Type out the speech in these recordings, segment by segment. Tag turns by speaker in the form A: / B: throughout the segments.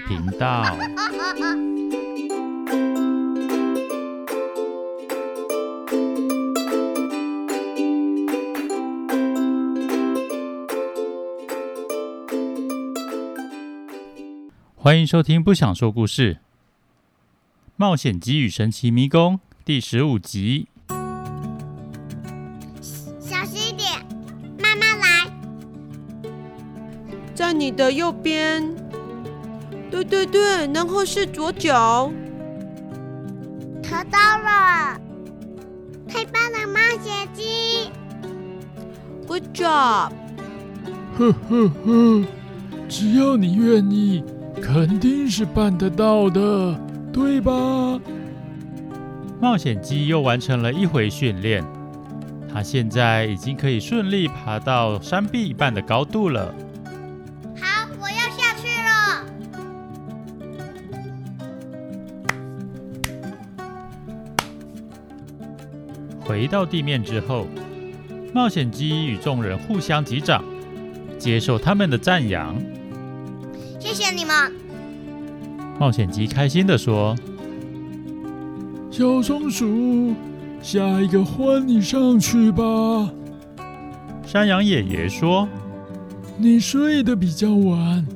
A: 頻
B: 道，
A: 歡迎收聽《不想說故事：冒險雞與神奇迷宮》第十五集。
B: 小心一點，慢慢來，在你的右邊。對對對，然後是左腳，逃到了，太棒了，冒險雞，Good job！呵呵
C: 呵，只要你願意，肯定是辦得到的，對吧？
A: 冒險雞又完成了一回訓練，它現在已經可以順利爬到山壁一半的高度了。回到地面之後，冒險雞與眾人互相擊掌，接受他們的讚揚。
B: 謝謝你們！
A: 冒險雞開心地說：“
B: 小松鼠，
C: 下一個換你上去吧。”
A: 山羊爺爺說：“
C: 你睡得比較晚，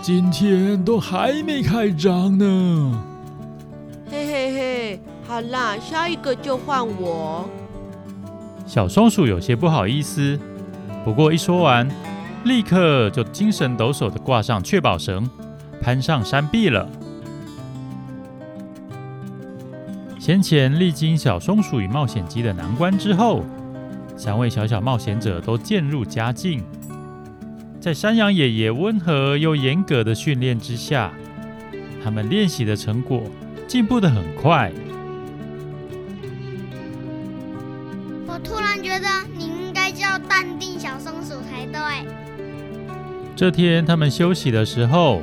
C: 今天都還沒開
A: 張呢。”
B: 好啦，下一個就換我。
A: 小松鼠有些不好意思，不過一說完，立刻就精神抖擻地掛上確保繩，攀上山壁了。先前歷經小松鼠與冒險雞的難關之後，三位小小冒險者都漸入佳境。在山羊爺爺溫和又嚴格的訓練之下，他們練習的成果進步得很快。
B: 淡定小松鼠才對。
A: 這天他們休息的時候，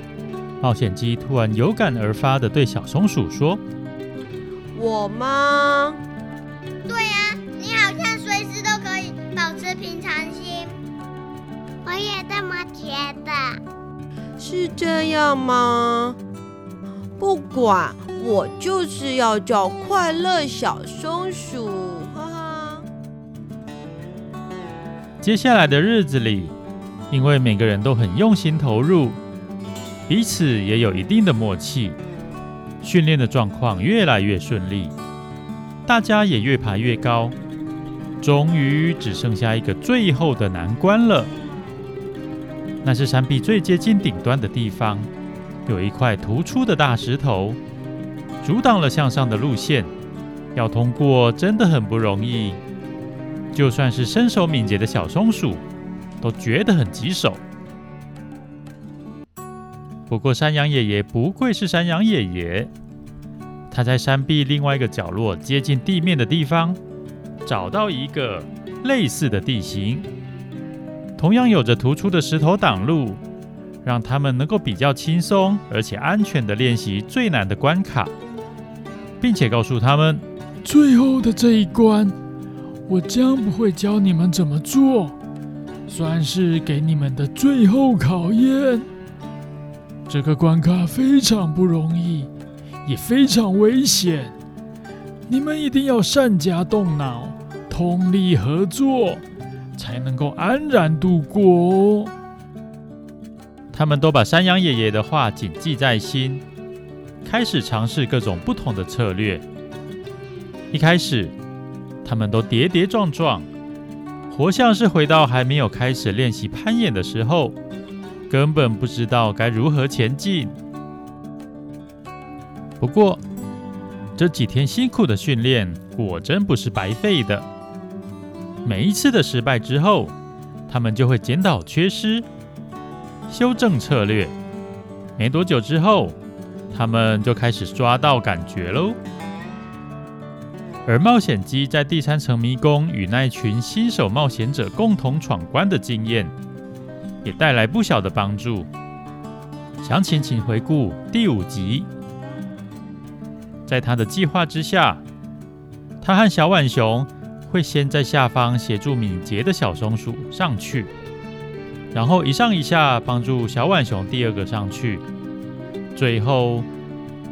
A: 冒險雞突然有感而發的對小松鼠說：“
B: 我嗎？對呀，你好像隨時都可以保持平常心。我也這麼覺得。是這樣嗎？不管，我就是要叫快樂小松鼠。”
A: 接下來的日子裡，因為每個人都很用心投入，彼此也有一定的默契，訓練的狀況越來越順利，大家也越爬越高，終於只剩下一個最後的難關了。那是山壁最接近頂端的地方，有一塊突出的大石頭阻擋了向上的路線，要通過真的很不容易。就算是身手敏捷的小松鼠，都覺得很棘手。不過山羊爺爺不愧是山羊爺爺，他在山壁另外一個角落、接近地面的地方，找到一個類似的地形，同樣有着突出的石頭擋路，讓他們能夠比較輕鬆而且安全地練習最難的關卡，並且告訴他們，
C: 最後的這一關。我將不會教你們怎麼做，算是給你們的最後考驗。這個關卡非常不容易，也非常危險，你們一定要善加動腦，通力合作，才能夠安然度過。
A: 他們都把山羊爺爺的話謹記在心，開始嘗試各種不同的策略。一開始。他們都跌跌撞撞，活像是回到還沒有開始練習攀岩的時候，根本不知道該如何前進。不過，這幾天辛苦的訓練果真不是白費的。每一次的失敗之後，他們就會檢討缺失、修正策略。沒多久之後，他們就開始抓到感覺嘍。而冒險雞在第三層迷宮與那一群新手冒險者共同闖關的經驗，也帶來不小的幫助。詳情請，請回顧第五集。在他的計劃之下，他和小浣熊會先在下方協助敏捷的小松鼠上去，然後一上一下幫助小浣熊第二個上去，最後。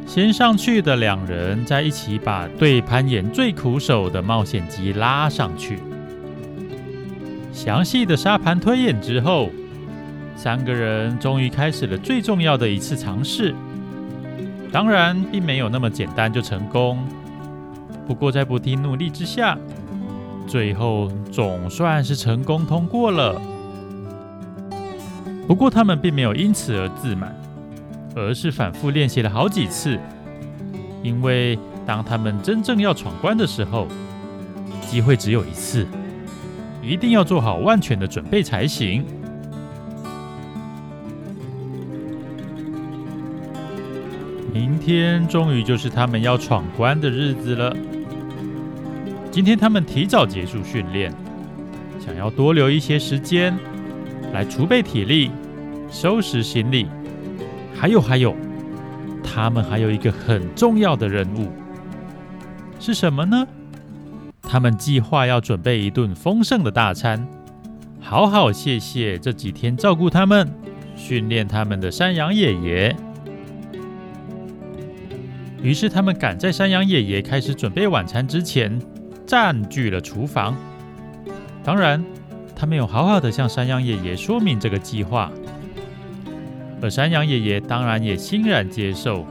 A: 先上去的兩人再一起把對攀岩最苦手的冒險雞拉上去。詳細的沙盤推演之後，三個人終於開始了最重要的一次嘗試。當然，並沒有那麼簡單就成功。不過在不停努力之下，最後總算是成功通過了。不過他們並沒有因此而自滿。而是反覆練習了好幾次，因為當他們真正要闖關的時候，機會只有一次，一定要做好萬全的準備才行。明天終於就是他們要闖關的日子了。今天他們提早結束訓練，想要多留一些時間來儲備體力、收拾行李。還有還有，他們還有一個很重要的人物，是什麼呢？他們計劃要準備一頓豐盛的大餐，好好謝謝這幾天照顧他們、訓練他們的山羊爺爺。於是他們趕在山羊爺爺開始準備晚餐之前，佔據了廚房。當然，他們有好好的向山羊爺爺說明這個計劃。而山羊爺爺當然也欣然接受，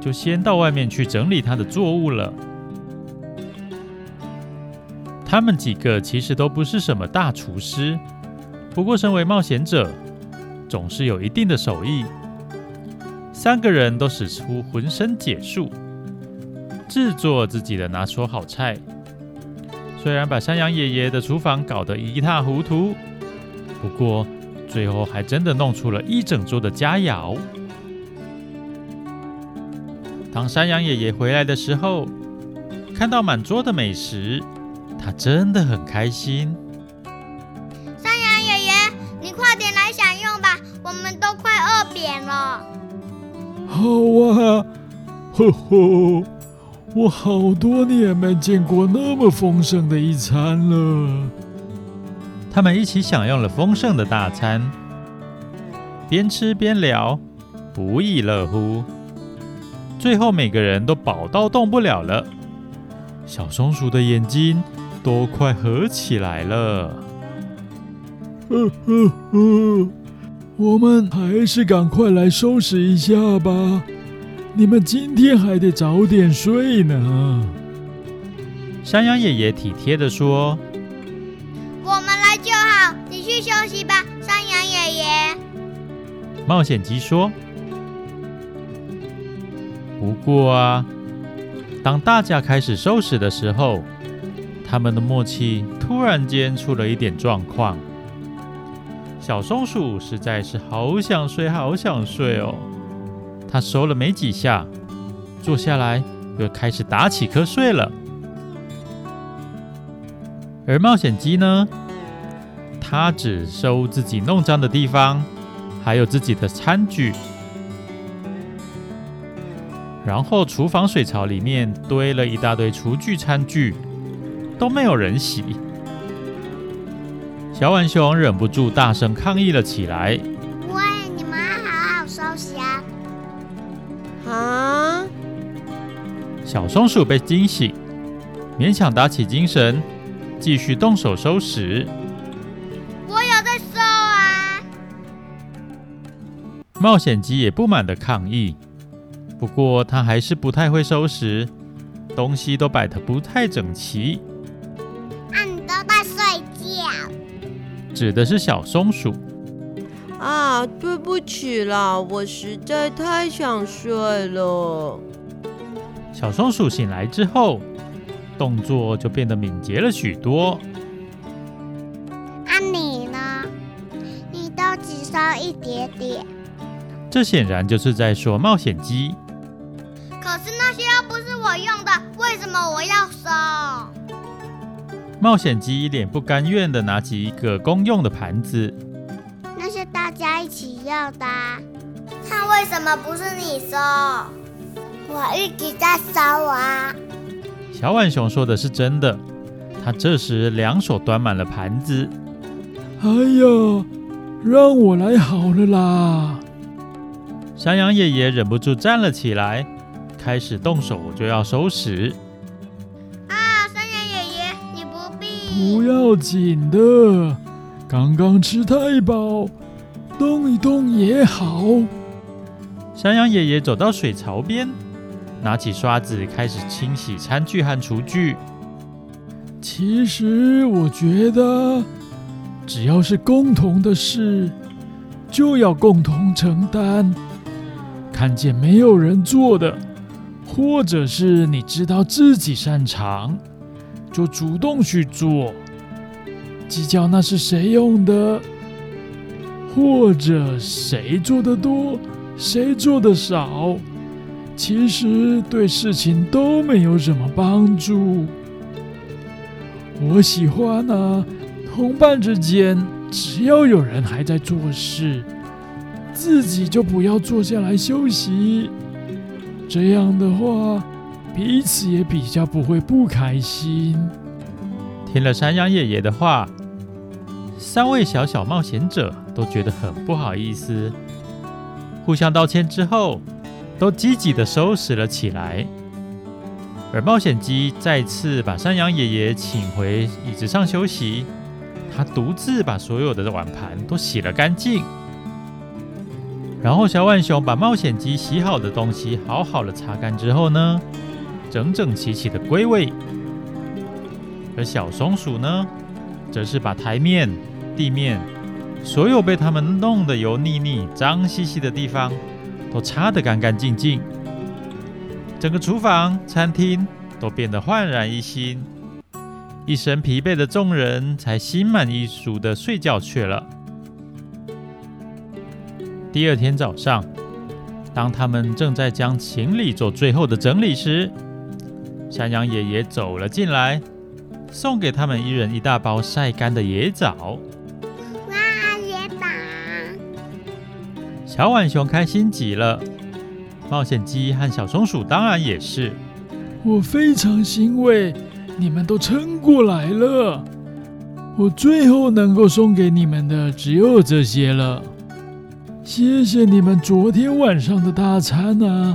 A: 就先到外面去整理他的作物了。他們幾個其實都不是什麼大廚師，不過身為冒險者，總是有一定的手藝。三個人都使出渾身解數，製作自己的拿手好菜。雖然把山羊爺爺的廚房搞得一塌糊塗，不過，最後還真的弄出了一整桌的佳餚。當山羊爺爺回來的時候，看到滿桌的美食，他真的很開心。
B: 山羊爺爺，你快點來享用吧，我們都快餓扁了。
A: 好
C: 啊，呵呵，我好多年沒見過那麼豐盛的一餐了。
A: 他們一起享用了豐盛的大餐，邊吃邊聊，不亦樂乎。最後每個人都飽到動不了了，小松鼠的眼睛都快合起來了。呵
C: 呵呵，我們還是趕快來收拾一下吧，你們今天還得早點睡呢。
A: 山羊爺爺體貼地說。冒險雞說：“不過啊，當大家開始收拾的時候，他們的默契突然間出了一點狀況。小松鼠實在是好想睡，好想睡哦！他收了沒幾下，坐下來又開始打起瞌睡了。而冒險雞呢，它只收自己弄髒的地方。”還有自己的餐具，然後廚房水槽裡面堆了一大堆廚具餐具，都沒有人洗。小浣熊忍不住大聲抗議了起來：“
B: 喂，你們好好收拾啊！”啊！
A: 小松鼠被驚醒，勉強打起精神，繼續動手收拾。冒險雞也不滿地抗議，不過他還是不太會收拾，東西都擺得不太整齊。
B: 那、啊、你都在睡覺？
A: 指的是小松鼠。
B: 啊，對不起了，我實在太想睡了。
A: 小松鼠醒來之後，動作就變得敏捷了許多。
B: 那、啊、你呢？你都只收一點點。
A: 這顯然就是在說冒險雞。
B: 可是那些又不是我用的，為什麼我要收？
A: 冒險雞一臉不甘願的拿起一個公用的盤子。
B: 那是大家一起要的，那為什麼不是你收？我一直在收啊。
A: 小浣熊說的是真的，他這時兩手端滿了盤子。
C: 哎呀，讓我來好了啦。
A: 山羊爺爺忍不住站了起來，開始動手就要收拾。啊！山
C: 羊爺爺，你不必。不要緊的，剛剛吃太飽，動一動也好。
A: 山羊爺爺走到水槽邊，拿起刷子開始清洗餐具和廚具。
C: 其實我覺得，只要是共同的事，就要共同承擔。看見沒有人做的，或者是你知道自己擅長，就主動去做。計較那是誰用的，或者誰做的多，誰做的少，其實對事情都沒有什麼幫助。我喜歡啊，同伴之間，只要有人還在做事，自己就不要坐下來休息，這樣的話，彼此也比較不會不開心。
A: 聽了山羊爺爺的話，三位小小冒險者都覺得很不好意思，互相道歉之後，都積極地收拾了起來。而冒險雞再次把山羊爺爺請回椅子上休息，他獨自把所有的碗盤都洗了乾淨。然後小浣熊把冒險雞洗好的東西好好的擦乾之後呢，整整齊齊的歸位；而小松鼠呢，則是把檯面、地面所有被他們弄得油膩膩、髒兮兮的地方都擦得乾乾淨淨，整個廚房、餐廳都變得煥然一新。一身疲憊的眾人才心滿意足地睡覺去了。第二天早上，當他們正在將行李做最後的整理時，山羊爺爺走了進來，送給他們一人一大包曬乾的野棗。哇！
B: 野棗！
A: 小浣熊開心極了。冒險雞和小松鼠當然也是。
C: 我非常欣慰，你們都撐過來了。我最後能夠送給你們的只有這些了。謝謝你們昨天晚上的大餐啊，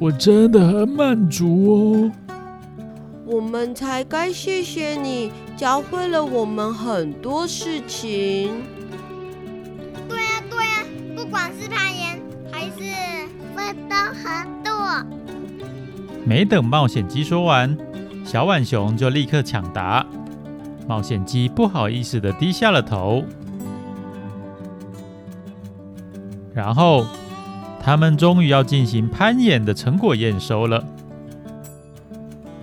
C: 我真的很滿足哦。
B: 我們才該謝謝你，教會了我們很多事情。對呀、啊、對呀、啊，不管是攀岩還是分工合作。
A: 沒等冒險雞說完，小浣熊就立刻搶答。冒險雞不好意思的低下了頭。然後，他們終於要進行攀岩的成果驗收了。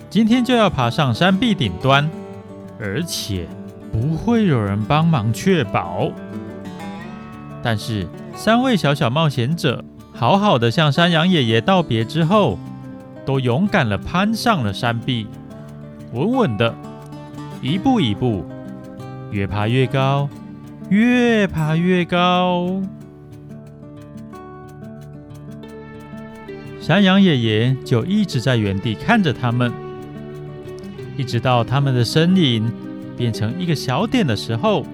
A: 今天就要爬上山壁頂端，而且不會有人幫忙確保。但是，三位小小冒險者好好的向山羊爺爺道別之後，都勇敢的攀上了山壁，穩穩的，一步一步，越爬越高，越爬越高。山羊爺爺就一直在原地看着他們，一直到他們的身影變成一個小點的時候，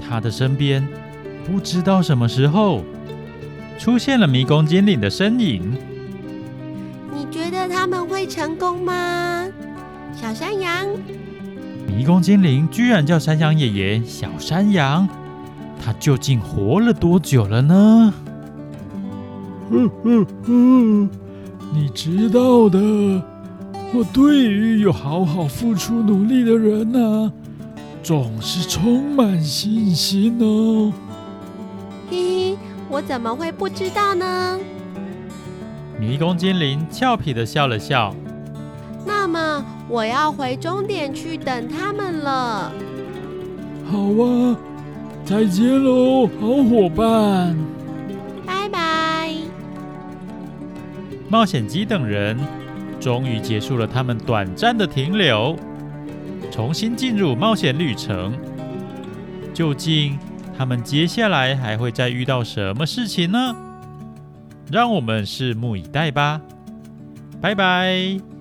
A: 他的身邊不知道什麼時候出現了迷宮精靈的身影。
B: 你覺得他們會成功嗎，小山羊？
A: 迷宮精靈居然叫山羊爺爺小山羊，他究竟活了多久了呢？
C: 嗯嗯嗯， 你知道的，我對於有好好付出努力的人呢、啊，總是充滿信心哦。
B: 嘿嘿，我怎麼會不知道呢？
A: 迷宮精靈俏皮的笑了笑。
B: 那麼我要回終點去等他們了。好啊，再見嘍，
C: 好夥伴。
A: 冒險雞等人終於結束了他們短暫的停留，重新進入冒險旅程。究竟他們接下來還會再遇到什麼事情呢？讓我們拭目以待吧。拜拜。